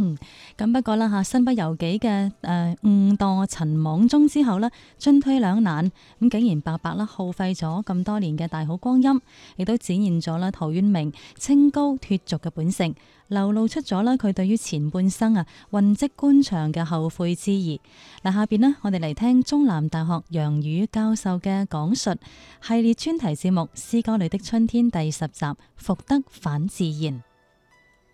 嗯，咁不過啦吓，身不由己嘅，誒誤墮塵網中之後咧，進退兩難，咁竟然白白啦耗費咗咁多年嘅大好光陰，亦都展現咗啦陶淵明清高脫俗嘅本性，流露，露出咗啦佢對於前半生啊混跡官場嘅後悔之意。嗱，下邊咧我哋嚟聽中南大學楊宇教授嘅講述系列專題節目《詩歌裏的春天》第十集《復得返自然》。